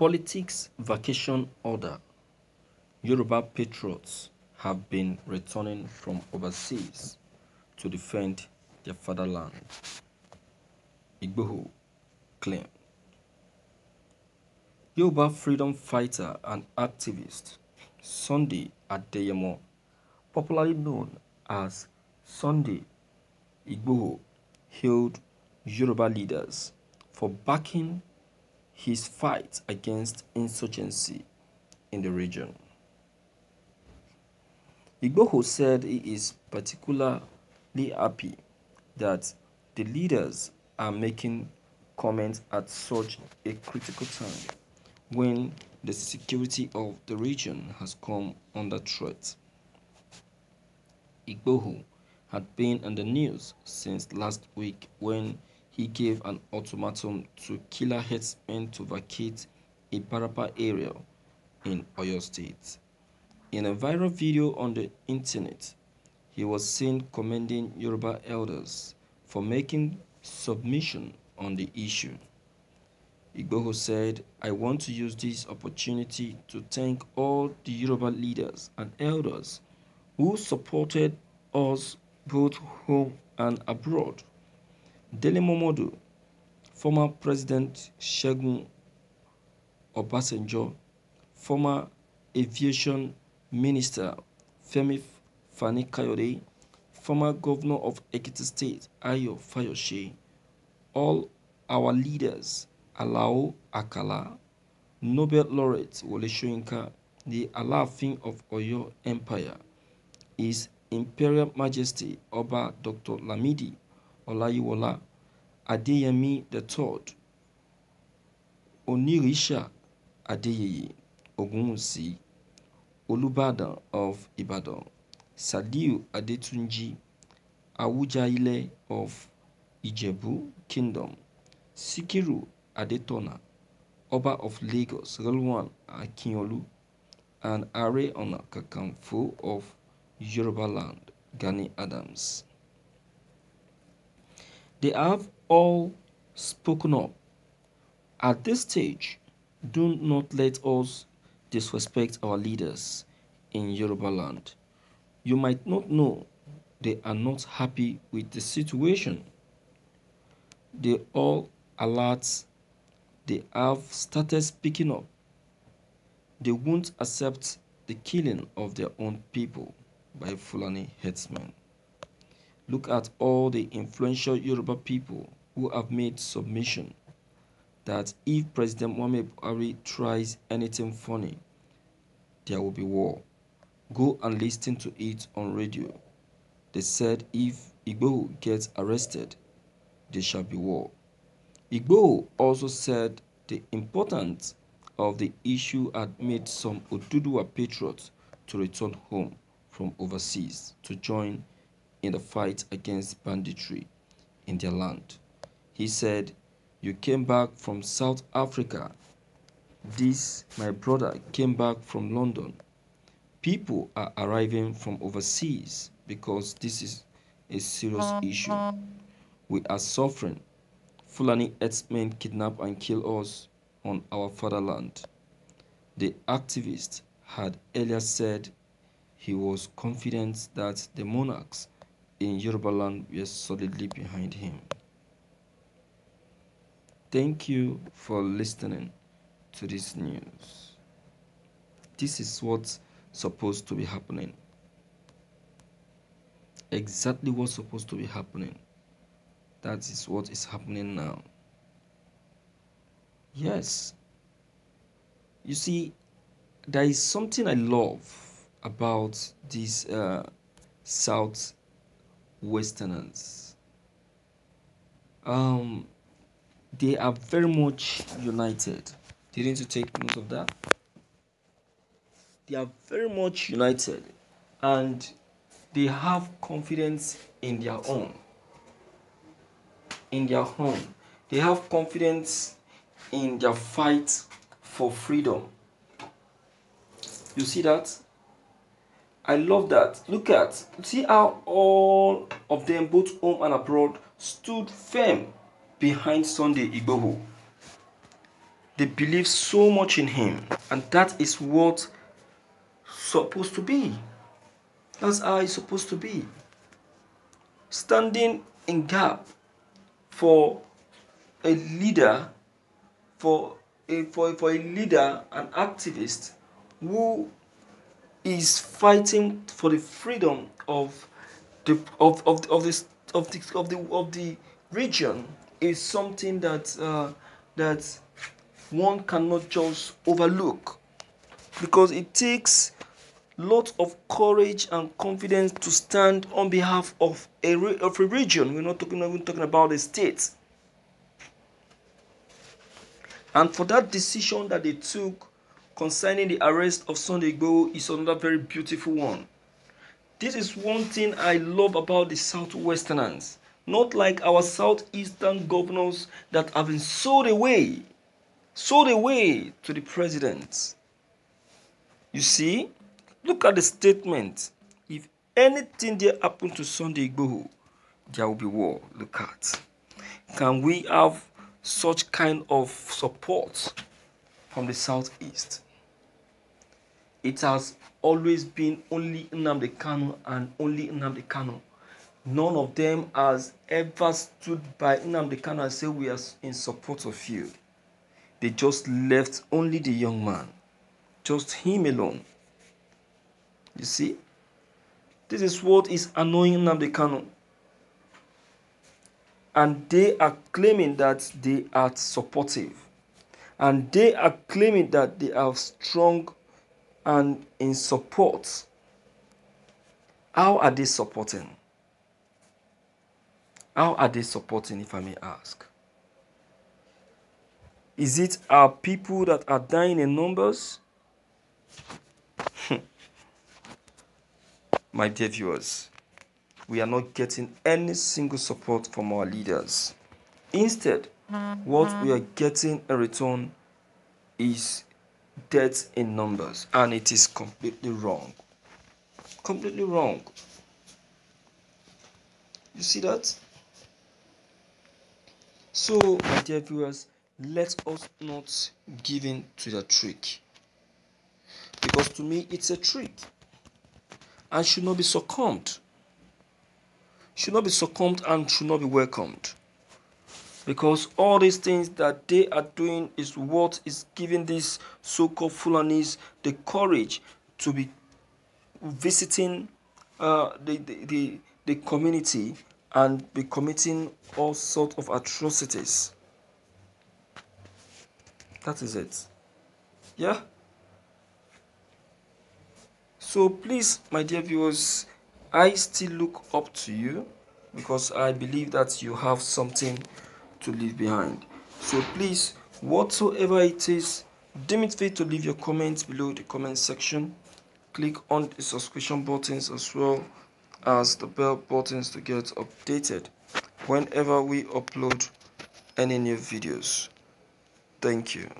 Politics Vacation Order Yoruba patriots have been returning from overseas to defend their fatherland, Igboho claimed. Yoruba freedom fighter and activist Sunday Adeyemo, popularly known as Sunday Igboho, hailed Yoruba leaders for backing his fight against insurgency in the region. Igboho said he is particularly happy that the leaders are making comments at such a critical time when the security of the region has come under threat. Igboho had been on the news since last week when he gave an ultimatum to killer herdsmen to vacate Ibarapa area in Oyo State. In a viral video on the internet, he was seen commending Yoruba elders for making submission on the issue. Igboho said, I want to use this opportunity to thank all the Yoruba leaders and elders who supported us both home and abroad. Dele Momodu, former President Shegun Obasanjo, former Aviation Minister Femi Fani-Kayode, former Governor of Ekiti State Ayo Fayoshe, all our leaders Alao Akala, Nobel laureate Wole Soyinka, the Alaafin of Oyo Empire, His Imperial Majesty Oba Dr. Lamidi Ọláyíwọlá Adéyẹmí III Onírìṣà Adéyẹyè Ògúnwùsì, Olúbàdàn of Ìbàdàn Sadiu Adétúnjì, Àwùjalẹ̀ of Ìjẹ̀bú Kingdom, Sikiru Adétọ̀nà, Ọba of Lagos Rilwan Akinyolu, and Ààrẹ Ọ̀nà Kakanfò of Yorùbá land Gani Adams. They have all spoken up. At this stage, do not let us disrespect our leaders in Yoruba land. You might not know they are not happy with the situation. They all alert. They have started speaking up. They won't accept the killing of their own people by Fulani headsmen. Look at all the influential Yoruba people who have made submission that if President Mohamed Buhari tries anything funny, there will be war. Go and listen to it on radio. They said if Igbo gets arrested, there shall be war. Igbo also said the importance of the issue had made some Oduduwa patriots to return home from overseas to join in the fight against banditry in their land. He said, You came back from South Africa. This, my brother, came back from London. People are arriving from overseas because this is a serious issue. We are suffering. Fulani ex-men kidnap and kill us on our fatherland. The activist had earlier said he was confident that the monarchs in land, were solidly behind him. Thank you for listening to this news. This is what's supposed to be happening. Exactly what's supposed to be happening. That is what is happening now. Yes. You see, there is something I love about this uh, South Westerners. Um, they are very much united. Didn't you take note of that? They are very much united and they have confidence in their own. In their own. They have confidence in their fight for freedom. You see that? I love that. Look at, see how all of them, both home and abroad, stood firm behind Sunday Igboho. They believe so much in him, and that is what supposed to be. That's how it's supposed to be. Standing in gap for a leader, for a, for, for a leader, an activist who is fighting for the freedom of the of, of, of this of the of the of the region is something that uh, that one cannot just overlook because it takes lot of courage and confidence to stand on behalf of a, re- of a region. We're not talking, not even talking about a state. And for that decision that they took concerning the arrest of Sunday Go is another very beautiful one. This is one thing I love about the Southwesterners, not like our Southeastern governors that have been sold away, sold away to the president. You see, look at the statement. If anything there happened to Sunday Go, there will be war. Look at. Can we have such kind of support from the southeast? it has always been only Nnamdi Kanu and only Nnamdi Kanu. None of them has ever stood by Nnamdi Kanu and said, We are in support of you. They just left only the young man, just him alone. You see, this is what is annoying Nnamdi Kanu. And they are claiming that they are supportive. And they are claiming that they are strong and in support. How are they supporting? How are they supporting, if I may ask? Is it our people that are dying in numbers? Hmm. My dear viewers, we are not getting any single support from our leaders. Instead, what we are getting in return is deaths in numbers, and it is completely wrong. Completely wrong. You see that? So, my dear viewers, let us not give in to the trick. Because to me, it's a trick and should not be succumbed. Should not be succumbed and should not be welcomed because all these things that they are doing is what is giving these so-called Fulanis the courage to be visiting uh, the, the, the, the community and be committing all sorts of atrocities. That is it. Yeah? So please, my dear viewers, I still look up to you because I believe that you have something to leave behind. So please, whatsoever it is, don't forget to leave your comments below the comment section. Click on the subscription buttons as well as the bell buttons to get updated whenever we upload any new videos. Thank you.